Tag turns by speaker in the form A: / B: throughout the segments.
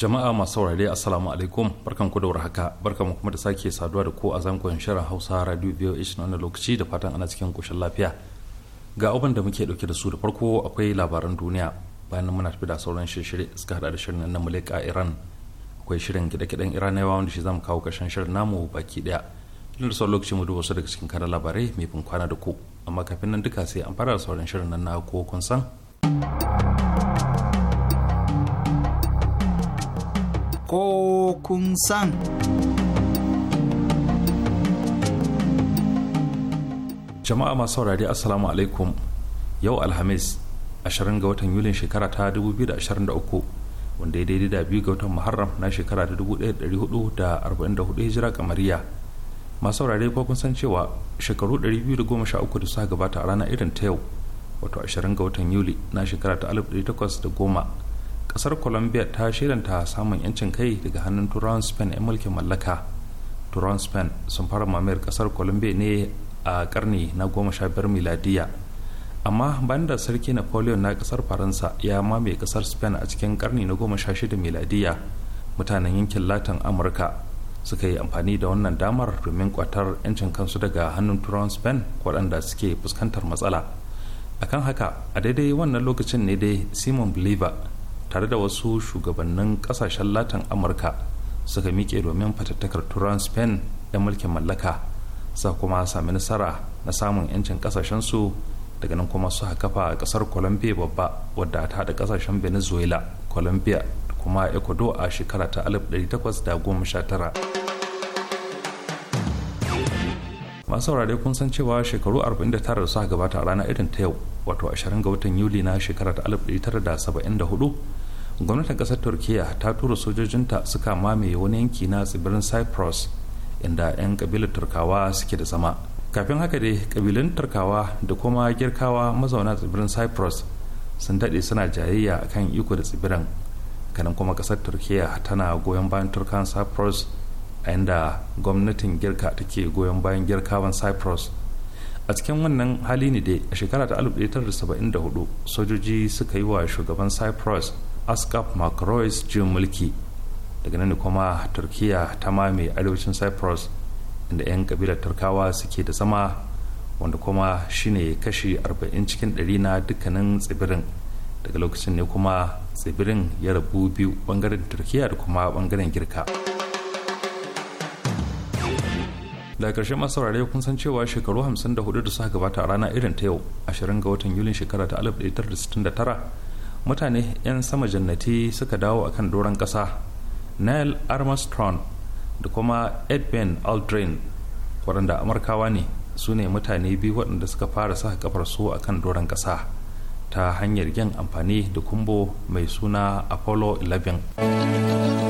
A: jama'a masu saurare assalamu alaikum barkan ku da warhaka barkan mu kuma da sake saduwa da ku a zangon shirin hausa radio ish na lokaci da fatan ana cikin koshin lafiya ga abin da muke dauke da su da farko akwai labaran duniya bayan nan muna tafi da sauran shirye-shirye suka hada da shirin na mulek a iran akwai shirin gida-gidan iranawa wanda shi zamu kawo karshen shirin namu baki daya tun da sauran lokaci mu duba su daga cikin kanan labarai mai bin kwana da ku amma kafin nan duka sai an fara da sauran shirin nan na ko kun san
B: ko kun san.
A: Jama'a masu saurari Assalamu alaikum yau Alhamis 20 ga watan Yulin shekara ta 2023 wanda ya daidai da biyu ga watan Muharram na shekara ta 1444 hijira kamariya. Masu saurari ko kun san cewa shekaru 213 da suka gabata a ranar irin ta yau wato 20 ga watan Yuli na shekara ta 1810 kasar colombia ta shirinta samun yancin kai daga hannun turawan spain 'yan mulkin mallaka turawan spain sun fara mamayar kasar colombia ne a karni na goma sha biyar miladiya amma bayan da sarki napoleon na kasar faransa ya mamaye kasar spain a cikin karni na goma sha shida miladiya mutanen yankin latin amurka suka yi amfani da wannan damar domin kwatar yancin kansu daga hannun turawan spain waɗanda suke fuskantar matsala akan haka a daidai wannan lokacin ne dai simon bolivar tare da wasu shugabannin kasashen latin amurka suka miƙe domin fatattakar turan spain 'yan mulkin mallaka sa kuma sami nasara na samun 'yancin kasashensu daga nan kuma suka kafa kasar colombia babba wadda ta haɗa kasashen venezuela colombia da kuma ecuador a shekara ta 1819 masu saurare kun san cewa shekaru 49 da suka gabata a ranar irin ta yau wato 20 ga watan yuli na shekarar 1974 gwamnatin kasar turkiya ta tura sojojinta suka mamaye wani yanki na tsibirin cyprus inda 'yan kabilar turkawa suke da zama kafin haka dai kabilun turkawa da kuma girkawa mazauna tsibirin cyprus sun daɗe suna jayayya kan iko da tsibirin kanan kuma kasar turkiya tana goyon bayan turkan cyprus a inda gwamnatin girka take goyon bayan girkawan cyprus a cikin wannan hali ne dai a shekara ta 1974 sojoji suka yi wa shugaban cyprus askap macrois jin mulki daga nan kuma turkiya ta mame arewacin cyprus inda 'yan kabilar turkawa suke da zama wanda kuma shine kashi 40 cikin 100 na dukkanin tsibirin daga lokacin ne kuma tsibirin ya rabu biyu bangaren turkiya da kuma bangaren girka daga ƙarshe masu saurare kun san cewa shekaru 54 da suka gabata a rana irin ta yau 20 ga watan yulin shekara ta 1969 mutane 'yan sama jannati suka dawo akan doron ƙasa neil armstrong da kuma edwin aldrin waɗanda amurkawa ne su ne mutane biyu waɗanda suka fara saka kafar su akan doron ƙasa ta hanyar yin amfani da kumbo mai suna apollo 11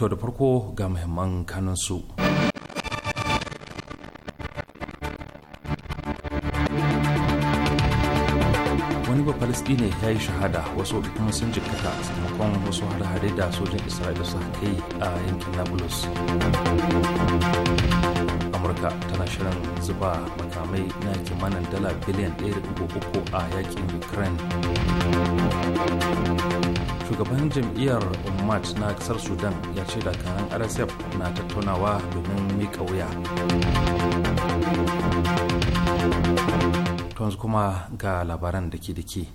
A: To da farko ga muhimman su. Wani ba Falistine ya yi shahada wasu kuma sun jikata sakamakon wasu hare da sojin Isra'ila suka kai a yankin Nablus. amurka tana shirin zuba makamai na kimanin dala biliyan 1.3 a yakin ukraine shugaban jam'iyyar ummat na kasar sudan ya ce dakarun rsf na tattaunawa domin mika wuya tons kuma ga labaran da ke da ke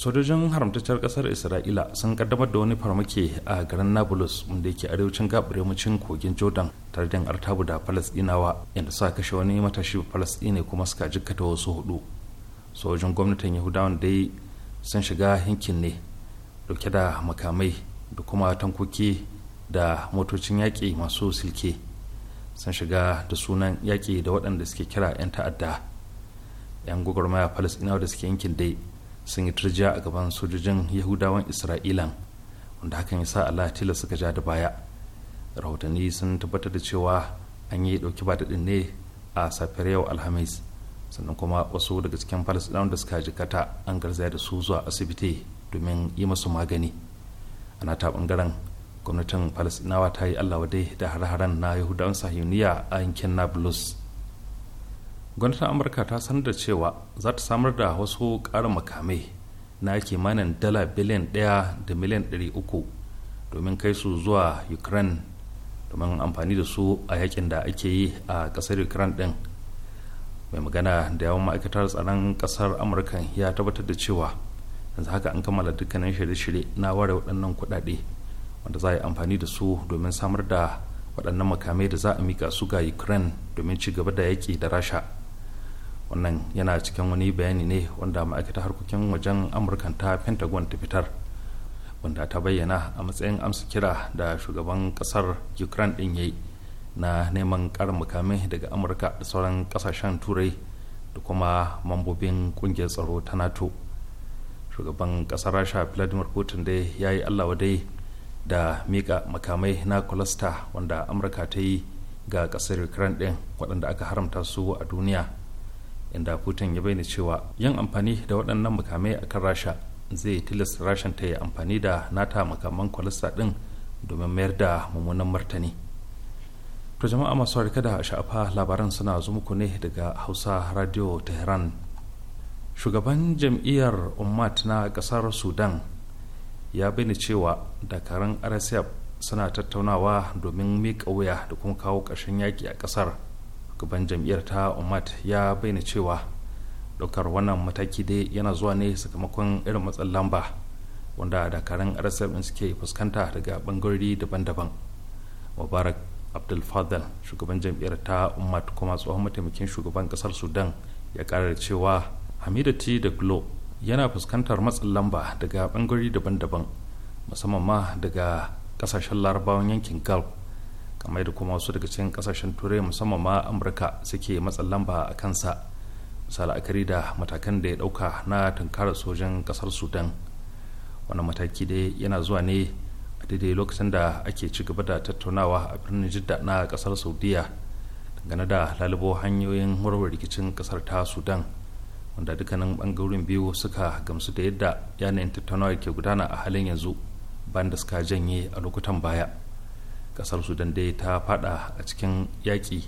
A: sojojin haramtaccen kasar isra'ila sun kaddamar da wani farmaki a garin nablus wanda yake arewacin gabaremacin kogin jordan tare da artabu da falasdinawa inda suka kashe wani matashi falasdini kuma suka jikkata wasu hudu sojojin gwamnatin yahudawan dai sun shiga yankin ne dauke da makamai da kuma tankoki da motocin yaƙi masu silke sun shiga da sunan yaƙi da waɗanda suke kira 'yan ta'adda 'yan gwagwarmaya falasɗinawa da suke yankin dai sun yi turja a gaban sojojin yahudawan isra'ilan wanda hakan ya sa allah tila suka ja da baya rahotanni sun tabbatar da cewa an yi dauki ba daɗin ne a safiyar yau alhamis sannan kuma wasu daga cikin falasɗinawan da suka jikata an garzaya da su zuwa asibiti domin yi masu magani ana ta bangaren gwamnatin falasɗinawa ta yi allah wadai da har haren na yahudawan sahiyuniya a yankin nablus gwamnatin amurka ta sanar da cewa za ta samar da wasu ƙarin makamai na kimanin dala biliyan ɗaya da miliyan ɗari uku domin kai su zuwa ukraine domin amfani da su a yakin da ake yi a ƙasar ukraine ɗin mai magana da yawan ma'aikatar tsaron ƙasar amurka ya tabbatar da cewa yanzu haka an kammala dukkanin shirye-shirye na ware waɗannan kuɗaɗe wanda za a yi amfani da su domin samar da waɗannan makamai da za a mika su ga ukraine domin ci gaba da yaƙi da rasha wannan yana cikin wani bayani ne wanda ma'aikatar harkokin wajen amurka ta pentagon ta fitar wanda ta bayyana a matsayin amsa kira da shugaban kasar ukraine din yayi na neman karin makamai daga amurka da sauran kasashen turai da kuma mambobin kungiyar tsaro ta nato shugaban kasar rasha vladimir putin dai ya yi allawa dai da mika makamai na kulasta wanda amurka ta yi ga kasar ukraine din waɗanda aka haramta su a duniya inda putin ya bayyana cewa yin amfani da waɗannan makamai a kan rasha zai tilasta rashin ta yi amfani da nata makaman kwalista ɗin domin mayar da mummunan martani to jama'a masu harka da sha'afa labaran suna zo muku ne daga hausa radio tehran shugaban jam'iyyar ummat na ƙasar sudan ya bayyana cewa dakarun rsf suna tattaunawa domin miƙa wuya da kuma kawo ƙarshen yaƙi a ƙasar shugaban jam'iyyar ta umat ya bayyana cewa ɗaukar wannan mataki dai yana zuwa ne sakamakon irin matsin lamba wanda dakarun rsf suke fuskanta daga bangarori daban-daban mubarak abdul shugaban jam'iyyar ta umat kuma tsohon mataimakin shugaban kasar sudan ya kara da cewa t da glo yana fuskantar matsin lamba daga bangarori daban-daban musamman ma daga kasashen larabawan yankin gulf kamar da kuma wasu daga cikin kasashen turai musamman ma amurka suke matsa lamba a kansa bisa la'akari da matakan da ya dauka na tunkarar sojan kasar sudan wannan mataki dai yana zuwa ne a daidai lokacin da ake ci gaba da tattaunawa a birnin jidda na kasar saudiya dangane da lalubo hanyoyin warware rikicin kasar ta sudan wanda dukkanin bangarorin biyu suka gamsu da yadda yanayin tattaunawa ke gudana a halin yanzu banda da suka janye a lokutan baya kasar sudan dai ta fada a cikin yaƙi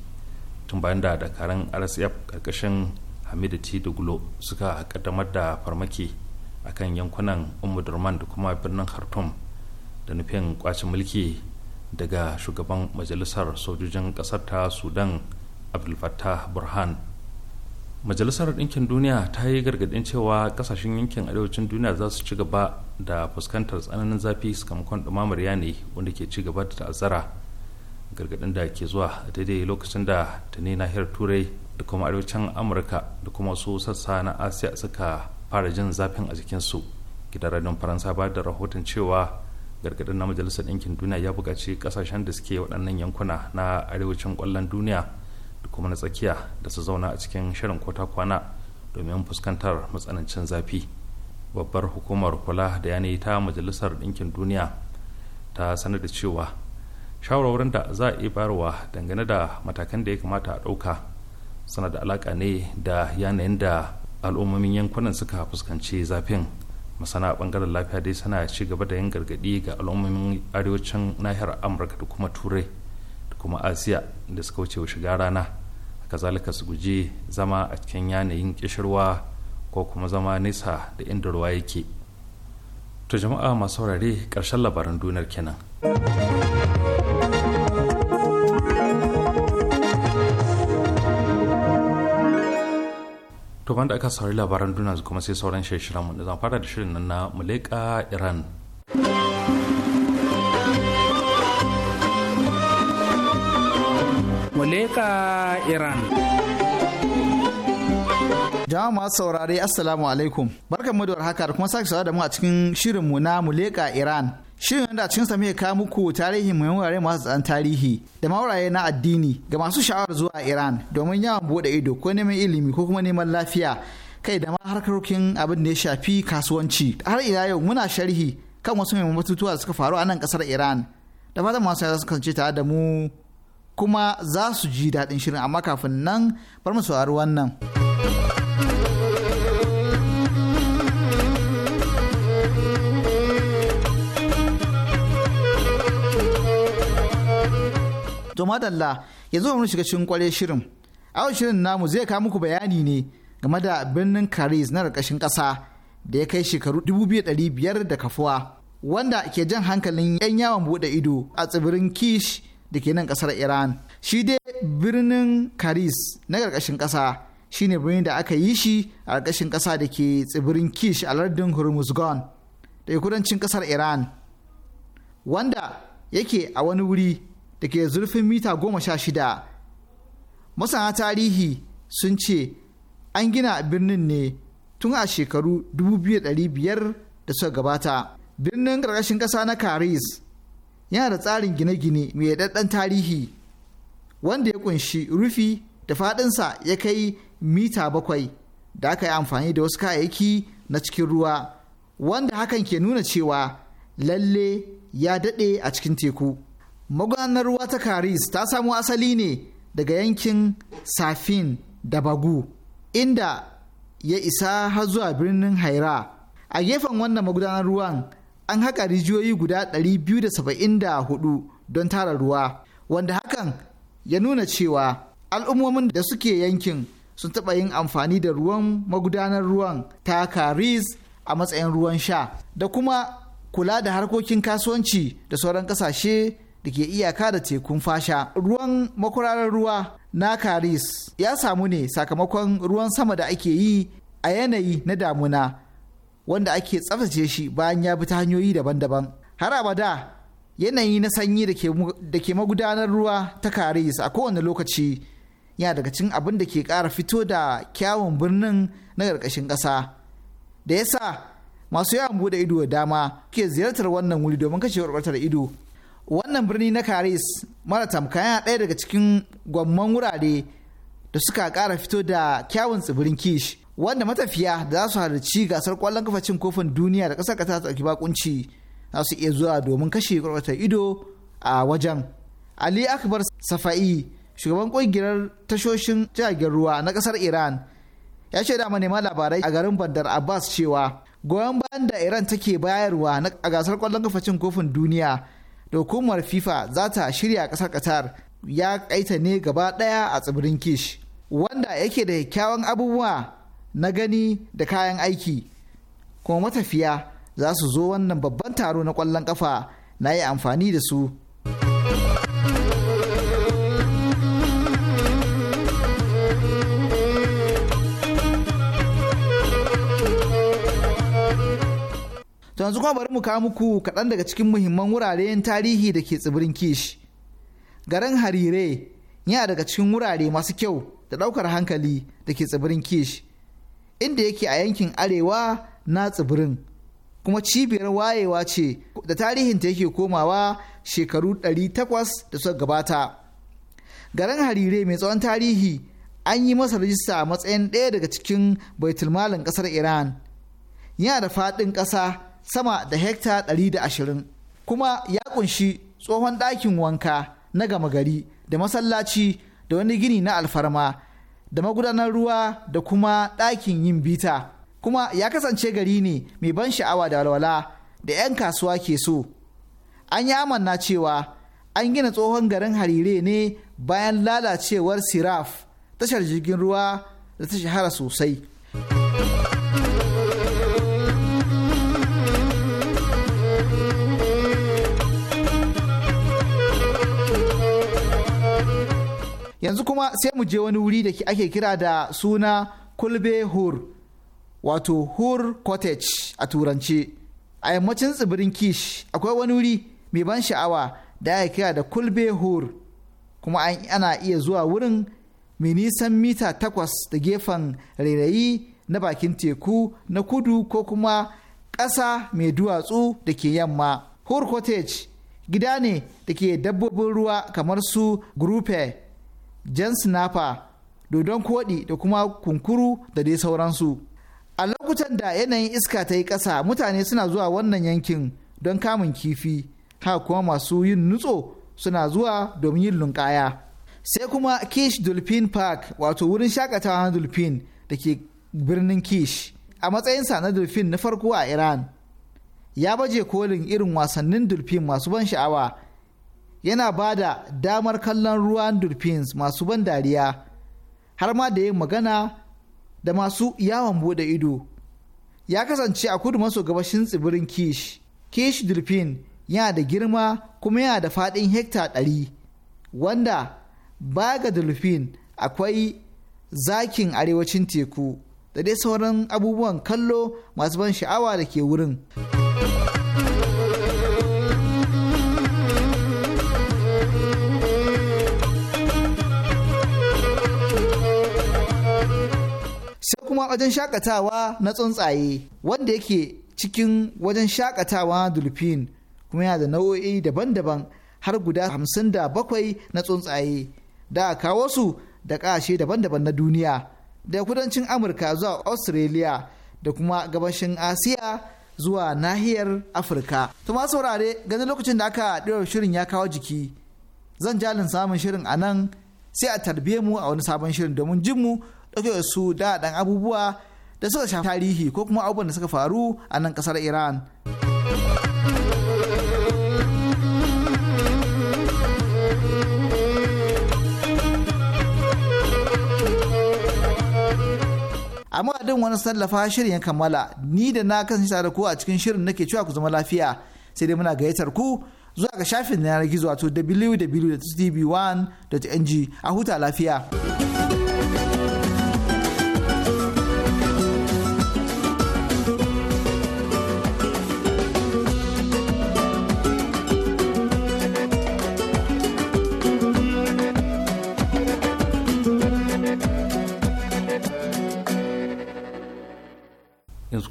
A: tun bayan da dakarun rsf karkashin hamidu gulo suka kaddamar da farmaki a kan yankunan umudurman da kuma birnin khartoum da nufin kwacin mulki daga shugaban majalisar sojojin kasar ta sudan abdulfattah burhan majalisar ɗinkin duniya ta yi gargaɗin cewa ƙasashen yankin arewacin duniya za su ci gaba da fuskantar tsananin zafi sakamakon ɗumamar yanayi wanda ke ci gaba da ta'azzara gargaɗin da ke zuwa daidai lokacin da tuni nahiyar turai da kuma arewacin amurka da kuma wasu sassa na asiya suka fara jin zafin a jikinsu gidan radon faransa ba da rahoton cewa gargaɗin na majalisar ɗinkin duniya ya buƙaci ƙasashen da suke waɗannan yankuna na arewacin ƙwallon duniya da kuma na tsakiya da su zauna a cikin shirin kwata kwana domin fuskantar matsanancin zafi babbar hukumar kula da yanayi ta majalisar ɗinkin duniya ta sanar da cewa shawarwarin da za a iya bayarwa dangane da matakan da ya kamata a ɗauka suna da alaƙa ne da yanayin da al'ummomin yankunan suka fuskanci zafin masana bangaren lafiya dai suna ci gaba da yin gargaɗi ga al'ummomin arewacin nahiyar amurka da kuma turai kuma asiya da suka wuce shiga rana kazalika su guji zama a cikin yanayin kishirwa ko kuma zama nesa da inda ruwa yake to jama'a masu saurare ƙarshen labaran dunar kenan to banda aka saurari labaran duniya kuma sai sauran shirin mu da zan fara da shirin nan na muleka iran
B: Amerika Iran. Jama'a masu saurari Assalamu alaikum. Barkan mu da warhaka da kuma sake saurare da mu a cikin shirin mu na Muleka Iran. Shirin wanda cikin sa ka muku tarihi mai wurare masu tsan tarihi da mauraye na addini ga masu sha'awar zuwa Iran domin yawan bude ido ko neman ilimi ko kuma neman lafiya kai da ma harkokin abin da ya shafi kasuwanci. Har ila yau muna sharhi kan wasu mai matutuwa da suka faru a nan kasar Iran. Da fatan masu za kasance tare da mu kuma za su ji daɗin shirin amma kafin nan bar mu saurari wannan. To madalla yanzu mu shiga cikin kware shirin. Awon shirin namu zai kawo muku bayani ne game da birnin Karis na ƙarƙashin ƙasa da ya kai shekaru 2,500 da kafuwa wanda ke jan hankalin 'yan yawon buɗe ido a tsibirin Kish da ke nan kasar iran shi dai birnin karis na ƙarƙashin ƙasa shi ne birnin da aka yi shi a ƙarƙashin ƙasa da ke tsibirin kish a lardin hormuzgan da kudancin ƙasar iran wanda yake a wani wuri da ke zurfin mita goma sha shida masana tarihi sun ce an gina birnin ne tun a shekaru biyar da suka gabata birnin ƙarƙashin ƙasa na karis yana da tsarin gine-gine mai daɗan tarihi wanda ya kunshi rufi da faɗinsa ya kai mita bakwai da aka yi amfani da wasu kayayyaki na cikin ruwa wanda hakan ke nuna cewa lalle ya daɗe a cikin teku. Magudanar ruwa ta Karis ta samo asali ne daga yankin Safin da Bagu inda ya isa har zuwa birnin Haira. A gefen wannan magudanar ruwan an haƙa rijiyoyi guda 274 don tara ruwa wanda hakan ya nuna cewa al'ummomin da suke yankin sun taɓa yin amfani da ruwan magudanar ruwan ta karis a matsayin ruwan sha da kuma kula da harkokin kasuwanci da sauran ƙasashe da ke iyaka da tekun fasha ruwan makwararar ruwa na karis ya samu ne sakamakon ruwan sama da ake yi a yanayi na damuna wanda ake tsaftace shi bayan ya bi ta hanyoyi daban-daban har abada yanayi na sanyi da ke magudanar ruwa ta karis a kowane lokaci yana daga cikin abin da ke kara fito da kyawun birnin na karkashin ƙasa da yasa masu yawan bude ido da dama ke ziyartar wannan wuri domin kashe warbatar ido wannan birni na karis mara tamka yana ɗaya daga cikin gwamman wurare da suka kara fito da kyawun tsibirin kish wanda matafiya da za su halarci gasar kwallon kafa cin kofin duniya da kasar ƙasa ta ɗauki bakunci za su iya zuwa domin kashe kwarwatar ido a wajen. Ali Akbar Safa'i shugaban ƙungiyar tashoshin jiragen ruwa na ƙasar Iran ya ce da manema labarai a garin Bandar Abbas cewa goyon bayan da Iran take bayarwa a gasar kwallon kafa cin kofin duniya da hukumar FIFA za ta shirya ƙasar Qatar ya kaita ne gaba ɗaya a tsibirin Kish wanda yake da kyakkyawan abubuwa na gani da kayan aiki kuma matafiya za su zo wannan babban taro na kwallon ƙafa na yi amfani da su To yanzu kuma bari mu kawo muku kaɗan daga cikin muhimman wuraren tarihi da ke tsibirin Kish. Garin Harire yana daga cikin wurare masu kyau da ɗaukar hankali da ke tsibirin Kish. inda yake a yankin arewa na tsibirin kuma cibiyar wayewa ce da tarihinta yake komawa shekaru 800 da suka gabata garin harire mai tsawon tarihi an yi masa rajista a matsayin ɗaya daga cikin baitulmalin ƙasar iran yana da faɗin ƙasa sama da hekta 120 kuma ya kunshi tsohon ɗakin wanka na gama gari da masallaci da wani gini na alfarma da magudanar ruwa da kuma ɗakin yin bita kuma ya kasance gari ne mai ban sha'awa da walwala da 'yan kasuwa ke so an yi amanna cewa an gina tsohon garin harire ne bayan lalacewar siraf tashar jirgin ruwa da ta shahara sosai yanzu kuma sai mu je wani wuri da ake kira da suna kulbe hur wato hur cottage a turance a yammacin tsibirin kish akwai wani wuri mai ban sha'awa da ake kira da kulbe hur kuma ana iya zuwa wurin mai nisan mita takwas da gefen rairayi na bakin teku na kudu ko kuma ƙasa mai duwatsu da ke yamma. Hur Cottage gida ne da ke dabbobin ruwa kamar su Grupe jan sinafa dodon koɗi da kuma kunkuru da dai sauransu a lokutan da yanayin iska ta yi ƙasa mutane suna zuwa wannan yankin don kamun kifi haka kuma masu yin nutso suna zuwa domin yin lunƙaya sai kuma kish dolphin park wato wurin shakatawa na dolphin da ke birnin kish a matsayin sa na dolphin na farko a iran ya baje kolin irin wasannin dolphin masu ban sha'awa yana ba da damar kallon ruwan dolphins masu ban dariya har ma da yin magana da masu yawon bude ido ya kasance a kudu maso gabashin tsibirin kish kish dolphin yana da girma kuma yana da fadin hekta ɗari wanda baga ga dolphin akwai zakin arewacin teku da dai sauran abubuwan kallo masu ban sha'awa da ke wurin. wajen shakatawa na tsuntsaye wanda yake cikin wajen shakatawa dolphin kuma yana da nau'o'i daban-daban har guda hamsin da bakwai na tsuntsaye da a kawo su da ƙashe daban-daban na duniya da kudancin amurka zuwa australia da kuma gabashin asiya zuwa nahiyar afirka to masu saurare ganin lokacin da aka ɗora shirin ya kawo jiki zan jalin samun shirin a nan sai a tarbiye mu a wani sabon shirin domin jin mu ɗauke su da ɗan abubuwa da suka shafi tarihi ko kuma abubuwan da suka faru a nan ƙasar iran a madadin wani sallafa shirin ya kammala ni da na kasance da ku a cikin shirin nake cewa ku zama lafiya sai dai muna gayyatar ku zuwa ga shafin yanar gizo wato www.tv1.ng a huta lafiya.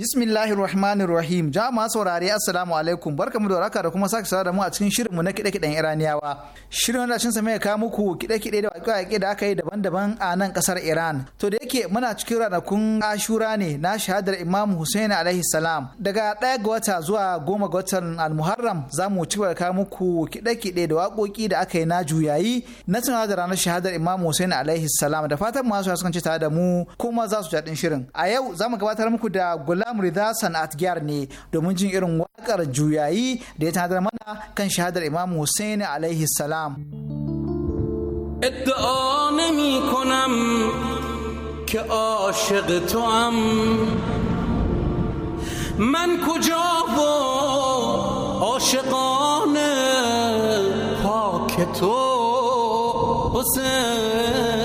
B: Bismillahir Rahmanir Rahim. Jama'a saurare Assalamu alaikum. Barkamu da waraka da kuma sake sa da mu a cikin mu na kide-kiden Iraniyawa. Shirin wannan shin mai kawo muku kide-kide da waƙe-waƙe da aka yi daban-daban a nan kasar Iran. To da yake muna cikin ranakun Ashura ne na shahadar Imam Hussein alaihi salam. Daga ɗaya ga wata zuwa goma ga watan Al-Muharram za mu ci gaba kawo muku kide-kide da waƙoƙi da aka yi na juyayi na tunawa da ranar shahadar Imam Hussein alaihi salam da fatan masu su ci tare da mu kuma za su jaɗin shirin. A yau za mu gabatar muku da gula rida sana'atgiyar ne domin jin irin wakar juyayi da ya tanadar mana kan shahadar imam hussein alaihi salam
C: ادعا نمی کنم که عاشق تو هم من کجا و عاشقان پاک تو حسین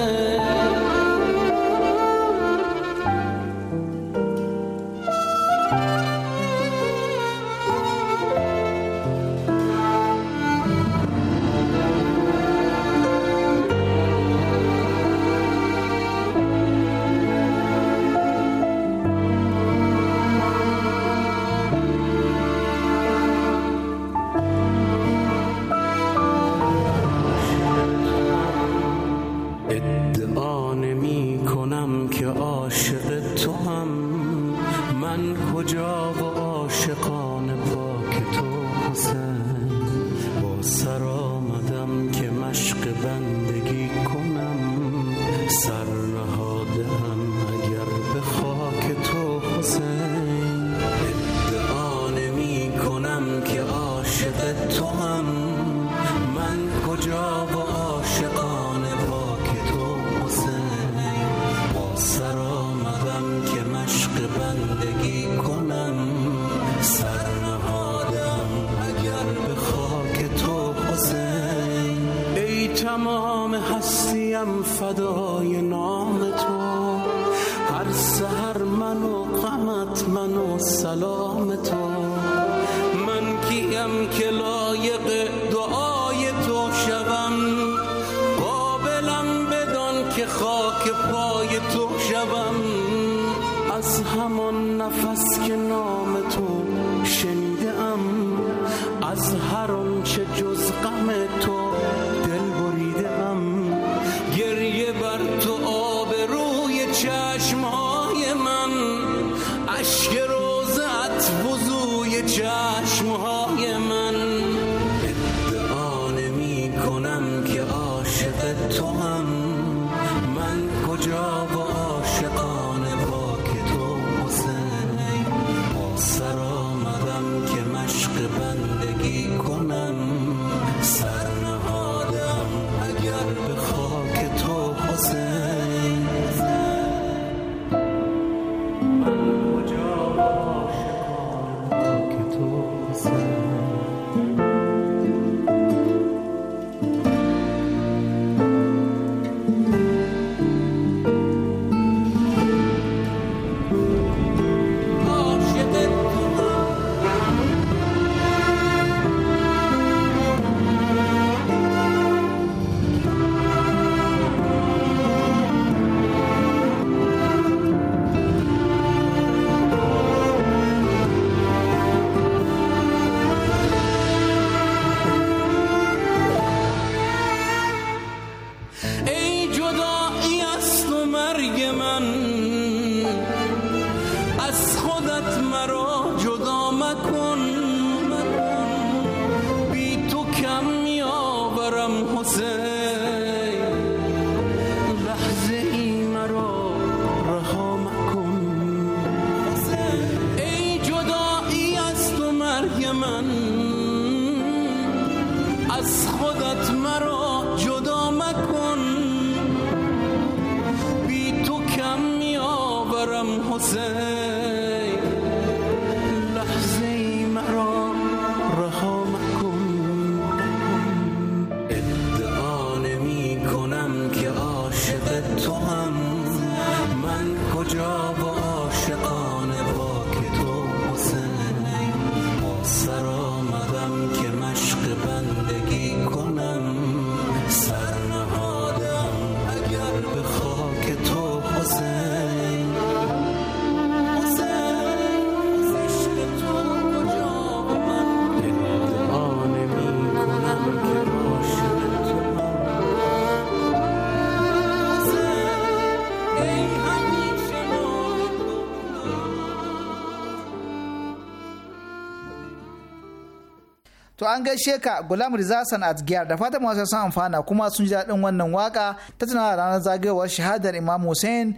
C: enfadó So my
B: To an gaishe ka Gulam Riza Sanat Giyar da fatan masu sun amfana kuma sun ji daɗin wannan waka ta tunawa ranar zagayowar shahadar Imam Hussein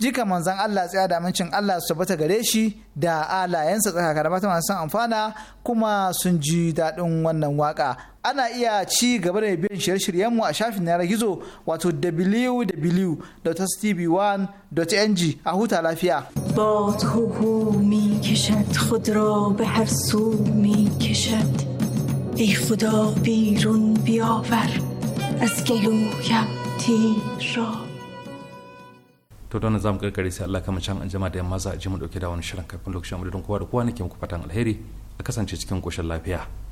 B: jika manzan Allah tsaya da amincin Allah su tabbata gare shi da alayensa tsakaka da fatan masu amfana kuma sun ji daɗin wannan waka. Ana iya ci gaba da biyan shirye-shiryenmu a shafin yanar gizo wato www.tv1.ng a huta lafiya. باد هو
C: می کشد خود را به هر سو می ای خدا بیرون بیاور از گلویم تیر را
A: to don zamu karkare sai Allah kama can an jama da yamma za a ji mu dauke da wani shirin kafin lokacin don kowa da kowa nake muku fatan alheri a kasance cikin koshin lafiya